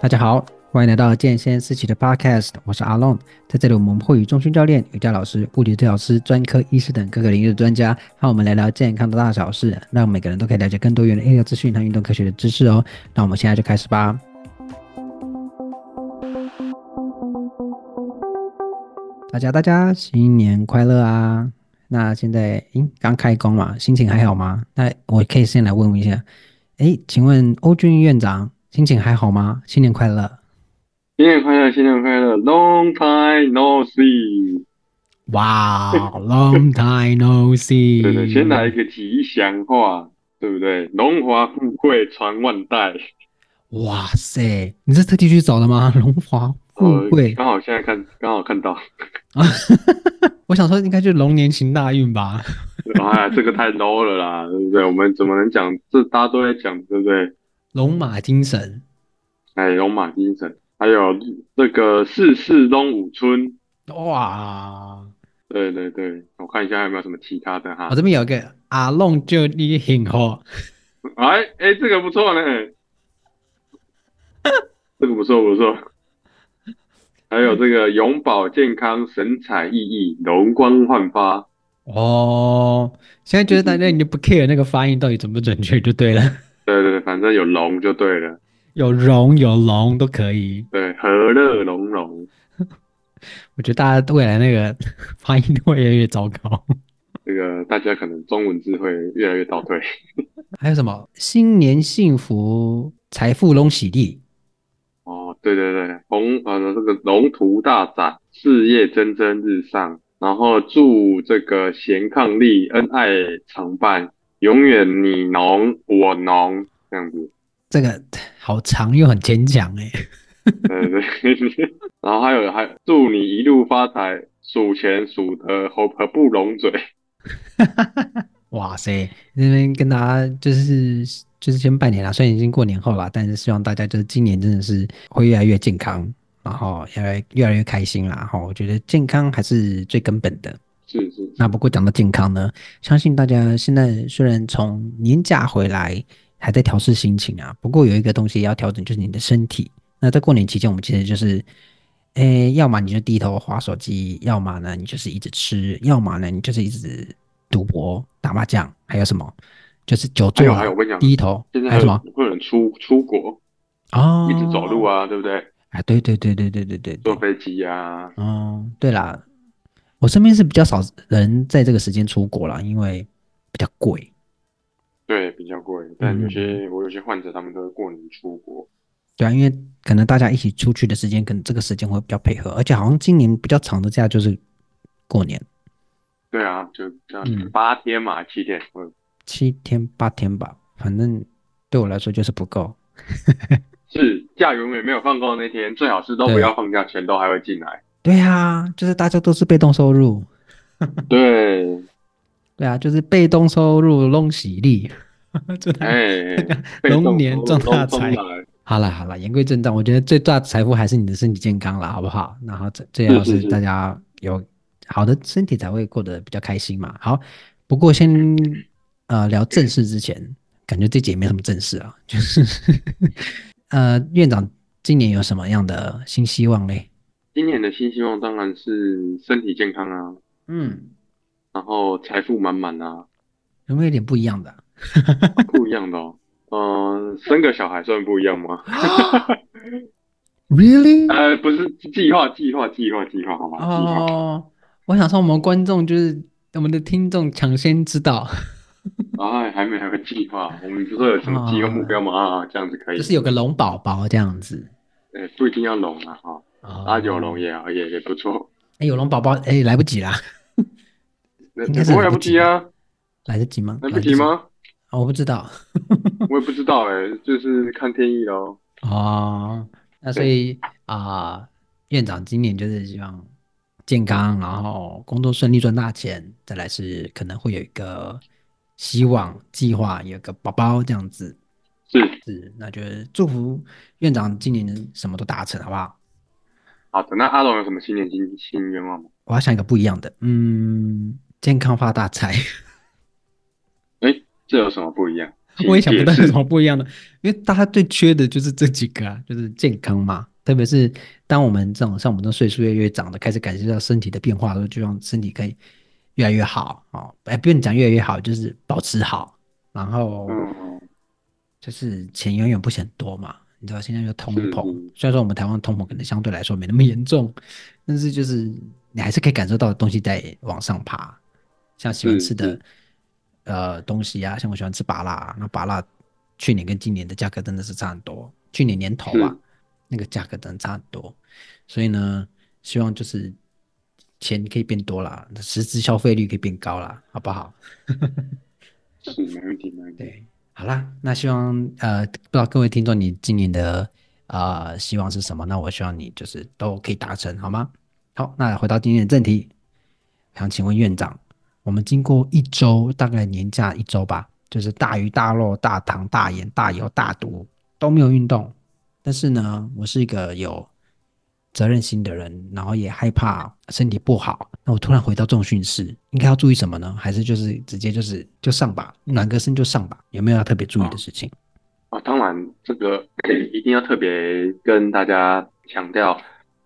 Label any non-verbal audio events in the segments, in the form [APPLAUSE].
大家好，歡迎來到健先思齊的 podcast，我是阿龍。在這裡，我們會與重訓教練、瑜伽老師、物理治療師、專科醫師等各個領域的專家，讓我們聊聊健康的大小事，讓每個人都可以了解更多元的醫療資訊和運動科學的知識哦。那我們現在就開始吧。大家大家新年快樂啊！那現在，誒，剛開工嘛，心情還好嗎？那我可以先來問問一下，哎，請問歐峻邑院長？心情還好嗎？新年快樂！新年快樂，新年快樂！Long time no see！哇、wow，Long time no see！ [LAUGHS] 對對，先來一個吉祥話，對不對？榮華富貴傳萬代！哇塞，你是特地去找的嗎？榮華富貴、呃，剛好現在看，剛好看到。哈哈哈哈哈！我想說，應該就是龍年行大運吧？哎 [LAUGHS] 呀、啊，這個太 low、no、了啦，對不對？我們怎麼能講？這大家都在講，對不對？龍馬精神，哎，龍馬精神，還有那個四四東五村，哇，對對對，我看一下還有沒有什麼其他的哈，我、哦、這邊有一個阿龍就你很好，哎哎，這個不錯嘞， [LAUGHS] 這個不錯不錯，還有這個永葆健康，神采奕奕，容光煥發，哦，現在就是大家你就不 care 那個發音到底怎麼準不準確就對了。對對對，反正有龍就對了，有龍有龍都可以。對，和樂融融。 [LAUGHS] 我覺得大家未來那個發音都會越來越糟糕，這個大家可能中文字會越來越倒退。 [LAUGHS] 還有什麼？新年幸福，財富隆喜地。哦，對對對，鴻呃這個龍圖大展，事業蒸蒸日上。然後祝這個賢伉儷，恩愛常伴。永遠你儂我儂這樣子，這個好長又很堅強 [LAUGHS] 對對對，然後還有還祝你一路發財，數錢數得合合不攏嘴。哈哈哈！哇塞，那邊跟大家就是就是先拜年啦，雖然已經過年後了，但是希望大家就是今年真的是會越來越健康，然後越來越來越開心啦。哈，我覺得健康還是最根本的。是是，是，那不過講到健康呢，相信大家現在雖然從年假回來，還在調適心情啊。不過有一個東西要調整，就是你的身體。那在過年期間，我們其實就是，誒,要麼你就低頭滑手機，要麼呢你就是一直吃，要麼呢你就是一直賭博打麻將，還有什麼就是久坐，還有,還有，我跟你講，低頭。現在還有,還有什麼？會有人出出國啊，哦、一直走路啊，對不對？啊，對對對對對對對,對，坐飛機呀、啊。嗯，對啦。我身邊是比較少人在這個時間出國了，因為比較貴。對，比較貴。但有些、嗯、我有些患者，他們都是過年出國。對啊，因為可能大家一起出去的時間，跟這個時間會比較配合。而且好像今年比較長的假就是過年。對啊，就這樣、嗯、八天嘛，七天，嗯、七天八天吧，反正對我來說就是不夠。 [LAUGHS] 是，假永遠沒有放夠的那天，最好是都不要放假，對全都還會進來。對啊，就是大家都是被動收入。 [LAUGHS] 對，對啊，就是被動收入弄喜利， [LAUGHS] 他哎，龍年中大財。動動動，好啦好啦，言歸正傳，我覺得最大的財富還是你的身體健康啦，好不好？然後最主要是大家有好的身體才會過得比較開心嘛。是是是，好，不過先、嗯、呃聊正事之前，Okay. 感覺自己也沒什麼正事啊，就是 [LAUGHS] 呃，院長今年有什麼樣的新希望嘞？今年的新希望當然是身體健康啊，嗯，然後財富滿滿啊，有沒有，有點不一樣的、啊？ [LAUGHS] 不一樣的哦，嗯、呃，生個小孩算不一樣嗎 [LAUGHS] ？Really？呃，不是，計劃計劃計劃計劃好嗎？哦、oh, 計劃，我想說，我們觀眾就是我們的聽眾搶先知道。 [LAUGHS] 哎，還沒有個計劃，我們不是有什麼計劃目標嗎、oh, 啊？這樣子可以，就是有個龍寶寶這樣子，哎，不一定要龍啊啊。阿、啊、有龍也也也不錯。哎、嗯欸，有龍寶寶哎，來不及啦！ [LAUGHS] 應該是來不及啊？來得及嗎？來不及嗎，不及嗎、哦？我不知道， [LAUGHS] 我也不知道哎、欸，就是看天意嘍。哦，那所以啊對、呃，院長今年就是希望健康，然後工作順利賺大錢，再來是可能會有一個希望計劃，有個寶寶這樣子。是是，那就祝福院長今年什麼都達成，好不好？好的，那阿龍有什麼新年新新願望嗎？我要想一個不一樣的，嗯，健康發大財。哎、 [LAUGHS] 欸，這有什麼不一樣？我也想不到有什麼不一樣的，是因為大家最缺的就是這幾個啊，就是健康嘛。特別是當我們這種像我們這種歲數越來越長的，開始感覺到身體的變化的時候，就讓身體可以越來越好啊。哦。哎，不用講越來越好，就是保持好。然後，就是錢永遠不嫌多嘛。嗯嗯你知道現在就通膨，是嗯、雖然說我們台灣通膨可能相對來說沒那麼嚴重，但是就是你還是可以感受到東西在往上爬。像喜歡吃的是、嗯、呃東西啊，像我喜歡吃麻辣，那麻辣去年跟今年的價格真的是差很多。去年年頭啊，是嗯、那個價格真的差很多。所以呢，希望就是錢可以變多了，實質消費率可以變高了，好不好？ [LAUGHS] 是，對。好啦，那希望呃，不知道各位聽眾你今年的呃希望是什麼？那我希望你就是都可以達成，好嗎？好，那回到今天的正題，想請問院長，我們經過一週，大概年假一週吧，就是大魚大肉、大糖大鹽大油大毒都沒有運動，但是呢，我是一個有。責任心的人，然後也害怕身體不好，那我突然回到重訓室，應該要注意什麼呢？還是就是直接就是就上吧，暖個身就上吧，有沒有要特別注意的事情？哦、啊，當然這個一定要特別跟大家強調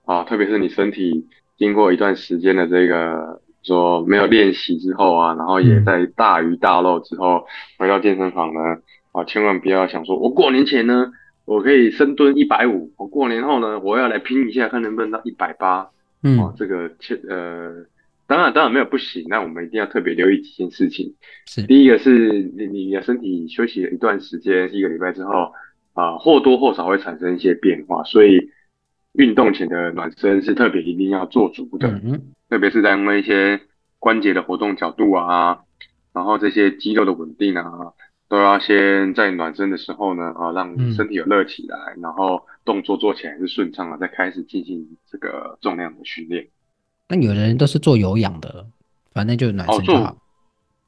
啊，特別是你身體經過一段時間的這個說沒有練習之後啊，然後也在大魚大肉之後回到健身房呢，啊，千萬不要想說我過年前呢。我可以深蹲一百五，我過年後呢，我要來拼一下，看能不能到一百八。嗯、啊，這個呃，當然當然沒有不行，那我們一定要特別留意幾件事情。是第一個是你你的身體休息了一段時間，一個禮拜之後啊、呃，或多或少會產生一些變化，所以運動前的暖身是特別一定要做足的。嗯，特別是在因為一些關節的活動角度啊，然後這些肌肉的穩定啊。都要、啊、先在暖身的時候呢，啊，讓身體有熱起來，嗯、然後動作做起來是順暢了，再開始進行這個重量的訓練。那有的人都是做有氧的，反正就暖身就、哦、做。好。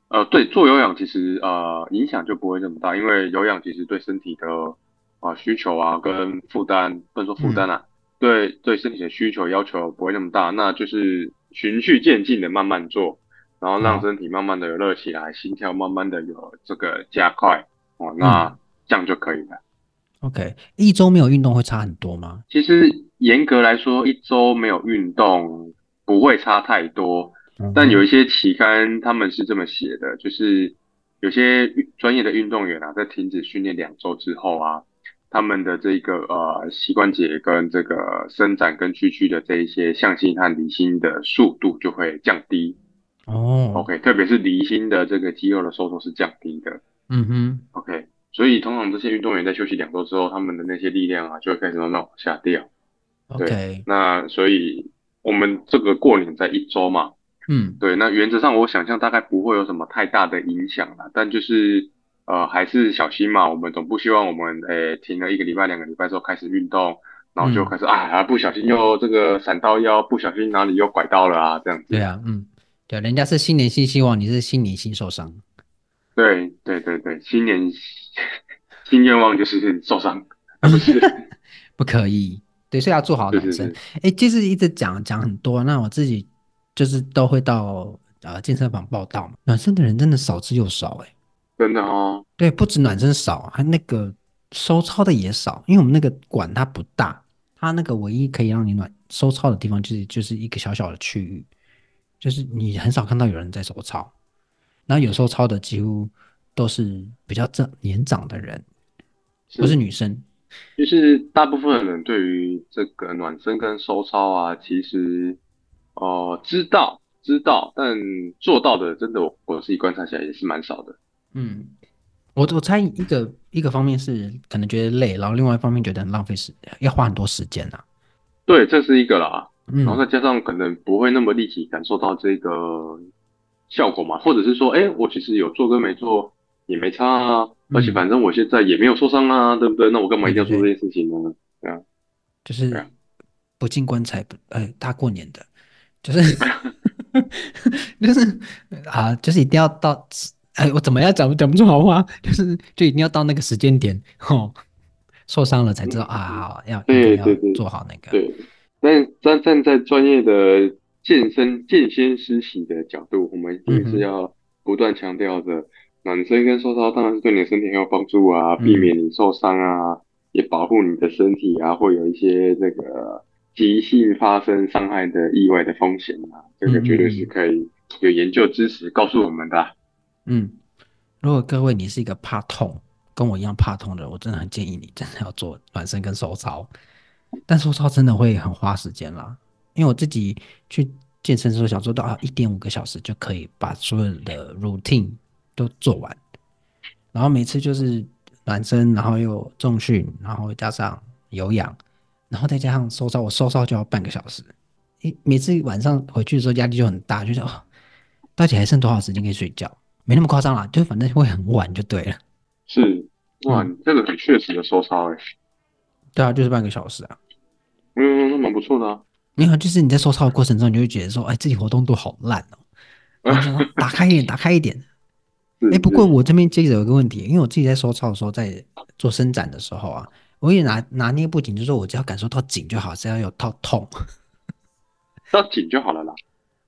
呃，對，做有氧其實呃影響就不會這麼大，因為有氧其實對身體的啊、呃、需求啊跟負擔，不能說負擔啊，嗯、對對身體的需求要求不會那麼大，那就是循序漸進的慢慢做。然後讓身體慢慢的有熱起來，嗯、心跳慢慢的有這個加快哦，那這樣就可以了，嗯。OK，一周沒有運動會差很多嗎？其實嚴格來說，一周沒有運動不會差太多，嗯，但有一些期刊他們是這麼寫的，就是有些專業的運動員啊，在停止訓練兩周之後啊，他們的這個呃膝關節跟這個伸展跟屈曲、曲的這一些向心和離心的速度就會降低。哦、oh.，OK，特別是離心的這個肌肉的收縮是降低的，嗯哼、mm hmm.，OK，所以通常這些運動員在休息兩周之後，他們的那些力量啊，就會開始慢慢往下掉。Okay. 對，那所以我們這個過年在一周嘛，嗯、mm，hmm. 對，那原則上我想象大概不會有什麼太大的影響了，但就是呃還是小心嘛，我們總不希望我們誒、欸、停了一個禮拜、兩個禮拜之後開始運動，然後就開始、mm hmm. 啊不小心又這個閃到腰，不小心哪裡又拐到了啊這樣子。對啊、yeah, mm，嗯、hmm.。對，人家是新年新希望，你是新年新受傷。對，對，對，對，新年新願望就是受傷，不，是 [LAUGHS] 不可以。對，所以要做好暖身。哎，其實一直講講很多，那我自己就是都會到呃健身房報到嘛。暖身的人真的少之又少、欸，哎，真的哦。對，不止暖身少，還那個收操的也少，因為我們那個館它不大，它那個唯一可以讓你暖收操的地方就是就是一個小小的區域。就是你很少看到有人在收操，然後有時候操的幾乎都是比較正年長的人，不是女生，是就是大部分的人對於這個暖身跟收操啊，其實哦、呃、知道知道，但做到的真的我自己觀察起來也是蠻少的。嗯，我我猜一個一個方面是可能覺得累，然後另外一方面覺得很浪費時，要花很多時間吶、啊。對，這是一個啦。嗯、然後再加上可能不會那麼立即感受到這個效果嘛，或者是說，哎、欸，我其實有做跟沒做也沒差啊，嗯、而且反正我現在也沒有受傷啊，對不對？那我幹嘛一定要做這件事情呢？對啊，樣就是不進棺材不哎樣、呃，大過年的就是 [LAUGHS] [LAUGHS] 就是啊、呃，就是一定要到哎、呃，我怎麼樣講講不出好話，就是就一定要到那個時間點哦，受傷了才知道、嗯、啊，好好要一定要做好那個對。但站站在專業的健身、健先思齊的角度，我們一定是要不斷強調的，暖身、跟收操當然是對你的身體很有幫助啊，避免你受傷啊，嗯、也保護你的身體啊，會有一些這個急性發生傷害的意外的風險啊，這個絕對是可以有研究知識告訴我們的、啊。嗯，如果各位你是一個怕痛，跟我一樣怕痛的人，我真的很建議你真的要做暖身跟收操。但收操真的會很花時間了，因為我自己去健身的時候想做到啊一點五個小時就可以把所有的 routine 都做完，然後每次就是暖身，然後又重訓，然後加上有氧，然後再加上收操，我收操就要半個小時。誒，每次晚上回去的時候壓力就很大，就想哦，到底還剩多少時間可以睡覺？沒那麼誇張啦，就反正會很晚就對了。是，哇，你這個很確實有收操誒。對啊，就是半個小時啊。嗯，那蠻不錯的啊。沒有，就是你在收操的過程中，你就會覺得說，哎，自己活動度好爛哦 [LAUGHS] 我說。打開一點，打開一點。哎 [LAUGHS] 是，不過我這邊接着有一個問題，因為我自己在收操的時候，在做伸展的時候啊，我也拿拿捏不緊，就是說我只要感受到緊就好，只要有到痛， [LAUGHS] 到緊就好了啦。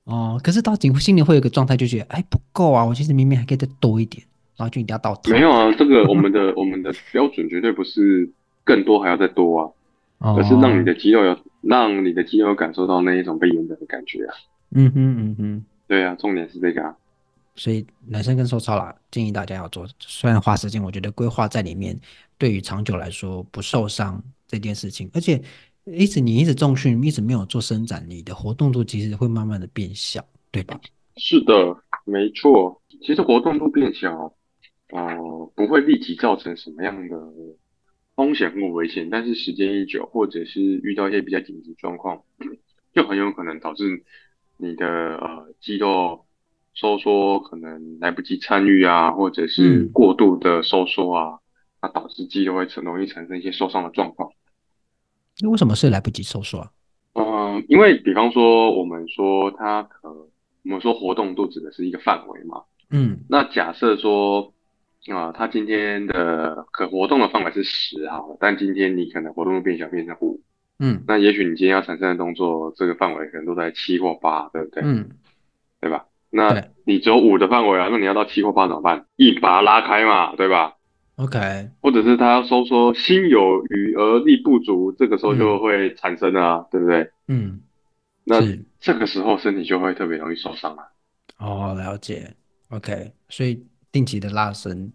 哦、嗯，可是到緊心裡會有個狀態，就覺得哎不夠啊，我其實明明還可以再多一點，然後就一定要到底。沒有啊，這個我們的 [LAUGHS] 我們的標準絕對不是更多還要再多啊。可是讓你的肌肉有，Oh. 讓你的肌肉感受到那一種被延展的感覺啊！嗯嗯嗯嗯，hmm, mm hmm. 對啊，重點是這個啊！所以，男生跟受操啦，建議大家要做。雖然花時間，我覺得規劃在裡面，對於長久來說不受傷這件事情。而且，一直你一直重訓，一直沒有做伸展，你的活動度其實會慢慢的變小，對吧？是的，沒錯。其實活動度變小，啊、呃，不會立即造成什麼樣的。風險或危險，但是時間一久，或者是遇到一些比較緊急狀況，就很有可能導致你的呃肌肉收縮可能來不及參與啊，或者是過度的收縮啊，那、嗯啊、導致肌肉會成容易產生一些受傷的狀況。那為什麼是來不及收縮、啊？嗯、呃，因為比方說我們說它可，我們說活動度指的是一個範圍嘛。嗯。那假設說。啊、呃，他今天的可活動的範圍是十，好，但今天你可能活動變小，變成五，嗯，那也許你今天要產生的動作，這個範圍可能都在七或八，對不對？嗯，對吧？那你只有五的範圍啊，對那你要到七或八怎麼辦？一把拉開嘛，對吧？OK，或者是他要收縮，心有餘而力不足，這個時候就會產生的、啊，嗯、對不對？嗯，那這個時候身體就會特別容易受傷了、啊。哦，了解，OK，所以。定期的拉伸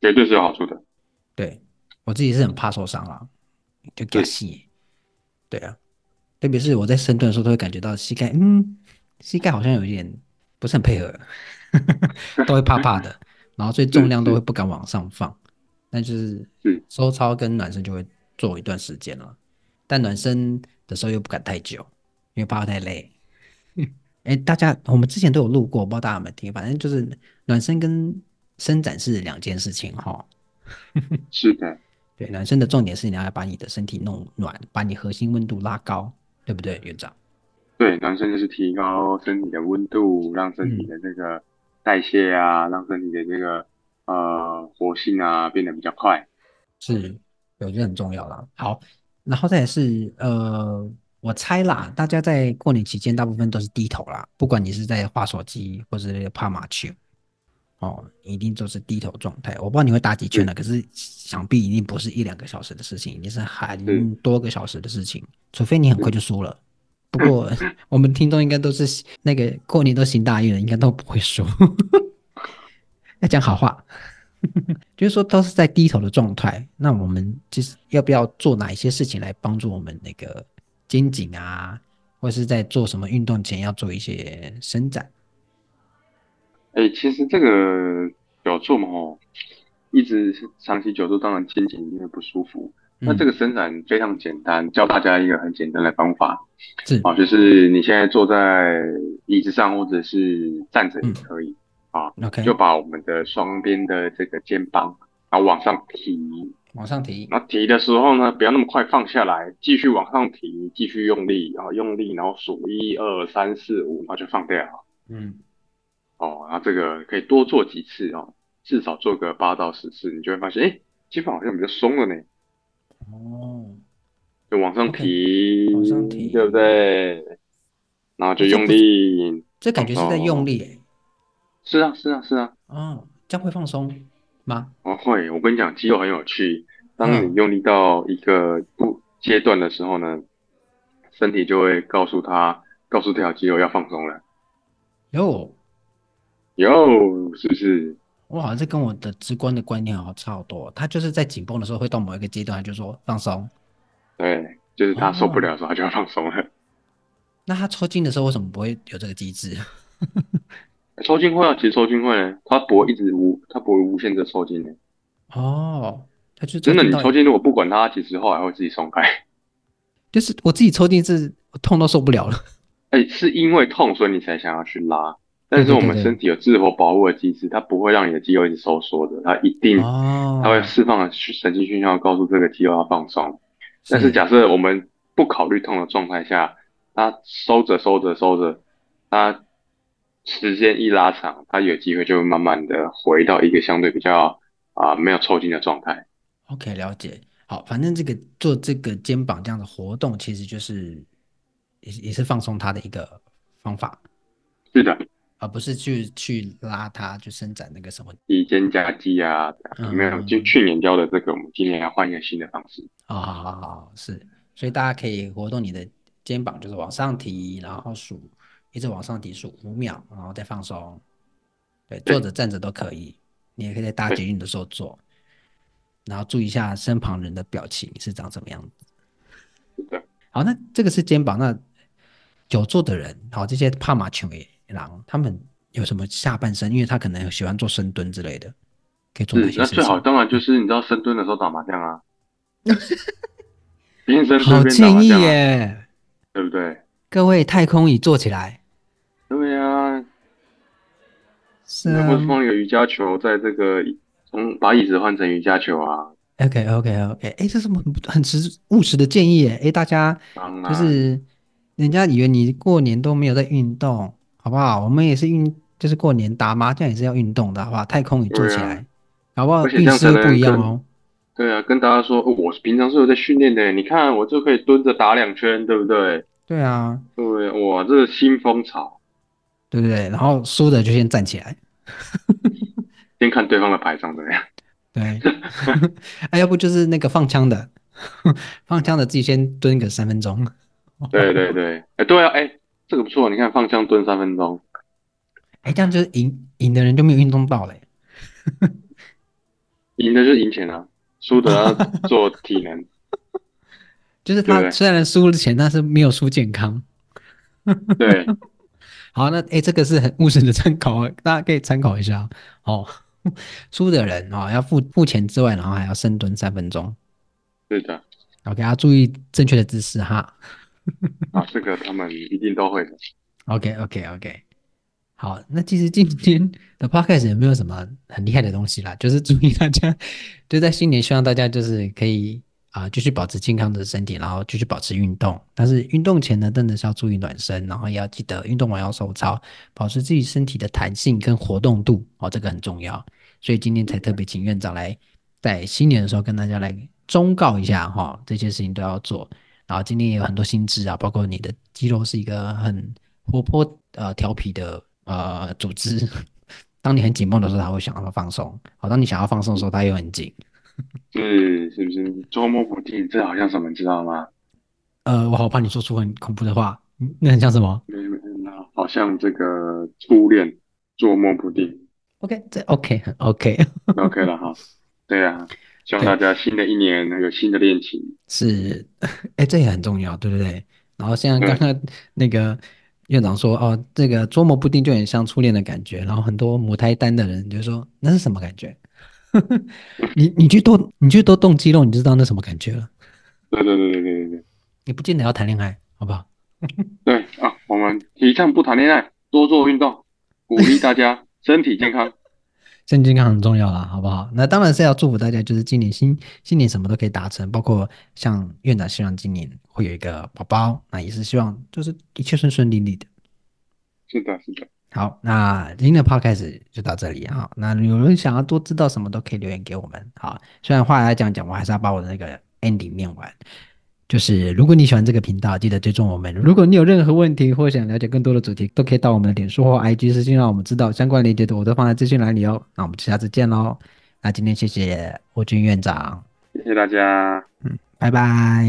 絕對是有好處的，對我自己是很怕受傷啦、啊，就腳膝，是對啊，特別是我在深蹲的時候，都會感覺到膝蓋，嗯，膝蓋好像有一點不是很配合， [LAUGHS] 都會怕怕的， [LAUGHS] 然後所以重量都會不敢往上放，那是就是嗯，收操跟暖身就會做一段時間了，但暖身的時候又不敢太久，因為怕太累。哎、 [LAUGHS] 欸，大家我們之前都有錄過，我不知道大家有沒有聽，反正就是暖身跟伸展是兩件事情哈、哦，是的 [LAUGHS] 對，對暖身的重點是你要把你的身體弄暖，把你核心溫度拉高，對不對，院長？對，暖身就是提高身體的溫度，讓身體的那個代謝啊，讓身體的那、這個呃活性啊變得比較快，是有，就很重要了。好，然後再來是呃，我猜啦，大家在過年期間大部分都是低頭了，不管你是在划手機或者帕馬球。哦，一定就是低頭狀態。我不知道你會打幾圈呢，可是想必一定不是一兩個小時的事情，一定是很多個小時的事情，除非你很快就輸了。不過我們聽眾應該都是那個過年都行大運了，應該都不會輸。 [LAUGHS] 要講好話， [LAUGHS] 就是說都是在低頭的狀態。那我們就是要不要做哪一些事情來幫助我們那個肩頸啊，或者是在做什麼運動前要做一些伸展？哎、欸，其實這個久坐嘛吼，一直長期久坐，當然肩頸因為不舒服。那、嗯、這個伸展非常簡單，教大家一個很簡單的方法，是啊，就是你現在坐在椅子上或者是站着也可以、嗯、啊。OK，就把我們的雙邊的這個肩膀，然後往上提，往上提。然後提的時候呢，不要那麼快放下來，繼續往上提，繼續用力，啊，用力，然後數一二三四五，然後就放掉。嗯。哦，那這個可以多做幾次哦，至少做個八到十次，你就會發現，哎、欸，肌肉好像比較鬆了呢。哦，就往上提，okay，往上提，對不對？然後就用力，這，這感覺是在用力。是啊，是啊，是啊。嗯、哦，這樣會放鬆嗎、哦？會，我跟你講，肌肉很有趣。當你用力到一個不、嗯、階段的時候呢，身體就會告訴他，告訴這條肌肉要放鬆了。喲。有，Yo, 是不是？我好像是跟我的直觀的觀念好像差不多。他就是在緊繃的時候，會到某一個階段，他就說放鬆。對，就是他受不了的時候，哦、他就要放鬆了。那他抽筋的時候，為什麼不會有這個機制？抽筋會、啊，其實抽筋會呢，他不會一直無，他不會無限制抽筋哦，他就真的，你抽筋如果不管他，其實後來會自己鬆開。就是我自己抽筋是痛都受不了了。哎、欸，是因為痛，所以你才想要去拉。但是我們身體有自我保護的機制，對對對對，它不會讓你的肌肉一直收縮的，它一定、哦、它會釋放神經訊號告訴這個肌肉要放鬆。是，但是假設我們不考慮痛的狀態下，它收着收着收着，它時間一拉長，它有機會就會慢慢的回到一個相對比較啊、呃、沒有抽筋的狀態。OK，了解。好，反正這個做這個肩膀這樣的活動，其實就是也也是放鬆它的一個方法。是的。而、啊、不是去去拉它，去伸展那個什麼，肩胛肌啊，有、啊嗯、沒有？就去年教的這個，我們今年要換一個新的方式。啊、哦、好好，好，是，所以大家可以活動你的肩膀，就是往上提，嗯、然後數，一直往上提，數五秒，然後再放鬆。對，對坐着站着都可以，對你也可以在搭捷運的時候做，對然後注意一下身旁人的表情是長什麼樣子。是的好，那這個是肩膀，那久坐的人，好、哦，這些怕麻球。狼他們有什麼下半身？因為他可能喜歡做深蹲之類的，可以做那些那最好當然就是你知道深蹲的時候打麻將啊，邊 [LAUGHS] 深蹲邊打麻將、啊、好建議耶，對不對？各位太空椅坐起來，對呀、啊，是、啊。那不能放一個瑜伽球在這個，從把椅子換成瑜伽球啊。OK OK OK，哎、欸，這是很很實務實的建議耶、欸，哎、欸、大家，啊、就是人家以為你過年都沒有在運動。好不好？我們也是運，就是過年打麻將也是要運動的，好不好？太空也做起來，啊、好不好？姿勢不一樣哦。對啊，跟大家說，哦、我平常是有在訓練的。你看，我就可以蹲着打兩圈，對不對？對啊，對，哇，這是、個、新風潮，對不對，對？然後輸的就先站起來， [LAUGHS] 先看對方的牌上怎樣。對，哎、 [LAUGHS] 啊，要不就是那個放槍的， [LAUGHS] 放槍的自己先蹲個三分鐘。對對對，哎、欸，對啊，哎、欸。這個不錯，你看罰深蹲三分鐘。哎，這樣就是贏贏的人就沒有運動到嘞。 [LAUGHS] 贏的就是贏錢啊，輸的要做體能。 [LAUGHS] 就是他雖然輸了錢，對但是沒有輸健康。 [LAUGHS] 對。好，那哎，這個是很務實的參考，大家可以參考一下。哦，輸的人啊、哦，要付付錢之外，然後還要深蹲三分鐘。對的。OK，大、啊、注意正確的姿勢哈。啊，這個他們一定都會的。OK OK OK，好，那其實今天的 Podcast 有沒有什麼很厲害的東西啦？就是祝大家，就在新年，希望大家就是可以啊、呃，繼續保持健康的身體，然後繼續保持運動。但是運動前呢，真的是要注意暖身，然後也要記得運動完要收操，保持自己身體的彈性跟活動度哦，這個很重要。所以今天才特別請院長來，在新年的時候跟大家來忠告一下哈、哦，這些事情都要做。啊，今天也有很多新知啊，包括你的肌肉是一個很活潑、呃，調皮的呃組織。當你很緊繃的時候，他會想要放鬆；好，當你想要放鬆的時候，他、嗯、又很緊。對是，是不是捉摸不定？這好像什麼，你知道嗎？呃，我好怕你說出很恐怖的話。那很像什麼？好像這個初戀捉摸不定。OK，這 OK，很、okay. OK，OK、okay、了哈。對呀、啊。希望大家新的一年那個對新的戀情是，哎，這也很重要，對不對？然後像剛剛那個院長說對哦，這個捉摸不定就很像初戀的感覺。然後很多母胎單的人就說，那是什麼感覺？ [LAUGHS] 你你去多你去多動肌肉，你就知道那是什麼感覺了。對對對對對對，你不見得要談戀愛，好不好？對啊，我們提倡不談戀愛，多做運動，鼓勵大家身體健康。 [LAUGHS] 身體健康很重要了，好不好？那當然是要祝福大家，就是今年新新年什麼都可以達成，包括像院長希望今年會有一個寶寶，那也是希望就是一切順順利利的。是的，是的。好，那今天的 Podcast 就到這裡哈、哦。那有人想要多知道什麼都可以留言給我們啊。雖然話來講講，我還是要把我的那個 ending 念完。就是，如果你喜歡這個頻道，記得追蹤我們。如果你有任何問題或想了解更多的主題，都可以到我們的臉書或 IG 私信，讓我們知道。相關鏈接我都放在資訊欄裡哦。那我們下次見嘍。那今天謝謝峻邑院長，謝謝大家。嗯，拜拜，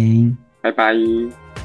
拜拜。